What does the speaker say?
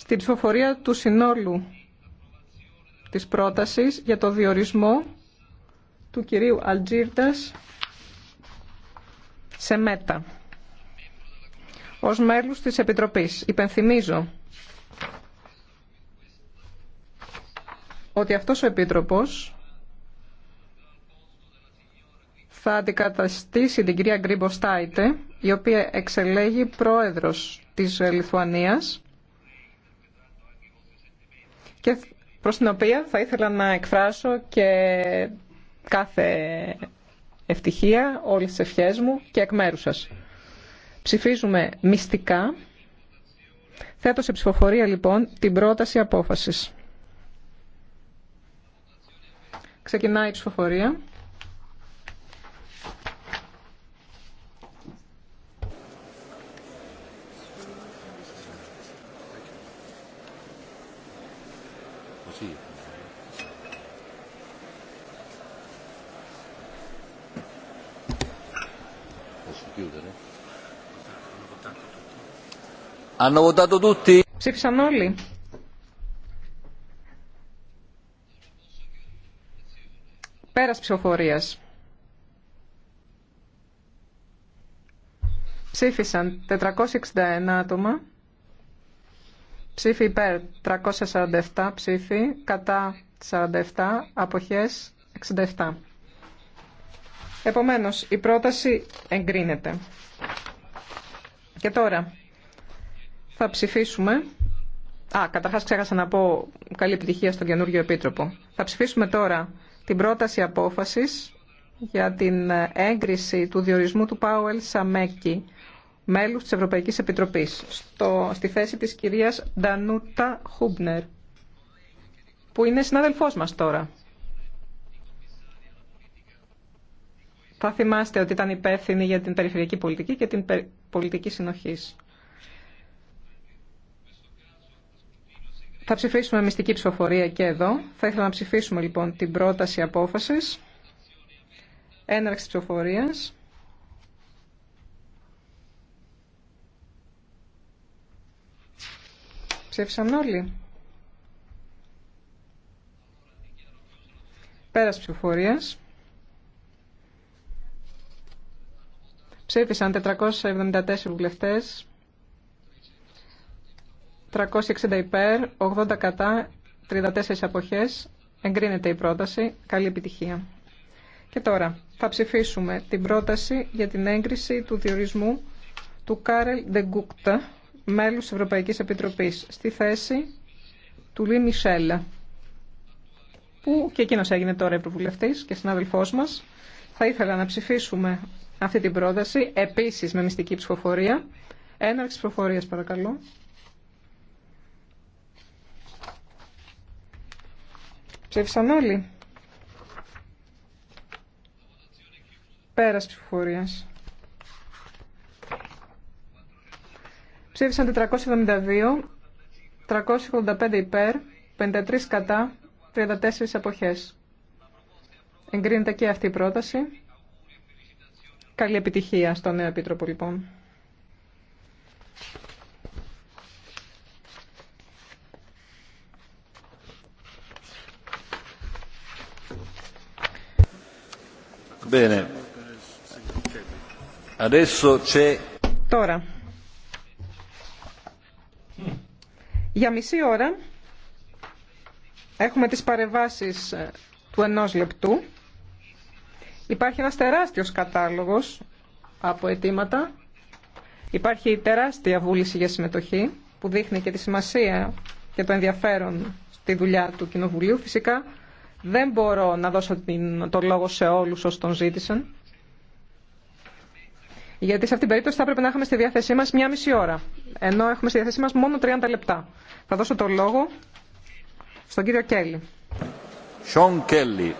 στην ψηφοφορία του συνόλου της πρότασης για το διορισμό του κυρίου Αλτζίρτας σε μέτα ως μέλους της Επιτροπής. Υπενθυμίζω ότι αυτός ο Επίτροπος θα αντικαταστήσει την κυρία Γκρίμπο Στάιτε, η οποία εξελέγει πρόεδρος της Λιθουανίας και προς την οποία θα ήθελα να εκφράσω και κάθε ευτυχία, όλες τις ευχές μου και εκ μέρου σας. Ψηφίζουμε μυστικά. Θέτω σε ψηφοφορία λοιπόν την πρόταση απόφασης. Ξεκινάει η ψηφοφορία. così. Posso chiudere? Hanno votato tutti? Ψήφισαν όλοι. Πέρας ψηφοφορία. Ψήφισαν 461 άτομα. Ψήφι υπέρ 347 ψήφι, κατά 47, αποχές 67. Επομένως, η πρόταση εγκρίνεται. Και τώρα θα ψηφίσουμε... Α, καταρχάς ξέχασα να πω καλή επιτυχία στον καινούργιο επίτροπο. Θα ψηφίσουμε τώρα την πρόταση απόφασης για την έγκριση του διορισμού του Πάουελ Σαμέκη μέλους της Ευρωπαϊκής Επιτροπής στο, στη θέση της κυρίας Ντανούτα Χούμπνερ που είναι συνάδελφός μας τώρα. Θα θυμάστε ότι ήταν υπεύθυνη για την περιφερειακή πολιτική και την πολιτική συνοχής. Θα ψηφίσουμε μυστική ψηφοφορία και εδώ. Θα ήθελα να ψηφίσουμε λοιπόν την πρόταση απόφασης έναρξη ψηφοφορίας. Ψήφισαν όλοι. Πέρας ψηφοφορία. Ψήφισαν 474 βουλευτές, 360 υπέρ, 80 κατά, 34 αποχές. Εγκρίνεται η πρόταση. Καλή επιτυχία. Και τώρα θα ψηφίσουμε την πρόταση για την έγκριση του διορισμού του Κάρελ Ντεγκούκτα μέλους της Ευρωπαϊκής Επιτροπής στη θέση του Λί Μισελ, που και εκείνο έγινε τώρα Ευρωβουλευτής και συνάδελφός μας. Θα ήθελα να ψηφίσουμε αυτή την πρόταση, επίσης με μυστική ψηφοφορία. Έναρξη ψηφοφορίας παρακαλώ. Ψήφισαν όλοι. Πέρας ψηφοφορίας. Ψήφισαν 472, 385 υπέρ, 53 κατά, 34 αποχές. Εγκρίνεται και αυτή η πρόταση. Καλή επιτυχία στον νέο επίτροπο λοιπόν. Bene. Adesso Τώρα Για μισή ώρα έχουμε τις παρεμβάσεις ε, του ενός λεπτού. Υπάρχει ένας τεράστιος κατάλογος από αιτήματα. Υπάρχει τεράστια βούληση για συμμετοχή που δείχνει και τη σημασία και το ενδιαφέρον στη δουλειά του Κοινοβουλίου. Φυσικά δεν μπορώ να δώσω το λόγο σε όλους όσοι τον ζήτησαν. Γιατί σε αυτήν την περίπτωση θα έπρεπε να έχουμε στη διάθεσή μα μία μισή ώρα. Ενώ έχουμε στη διάθεσή μα μόνο 30 λεπτά. Θα δώσω το λόγο στον κύριο Κέλλη. Σον Κέλλη.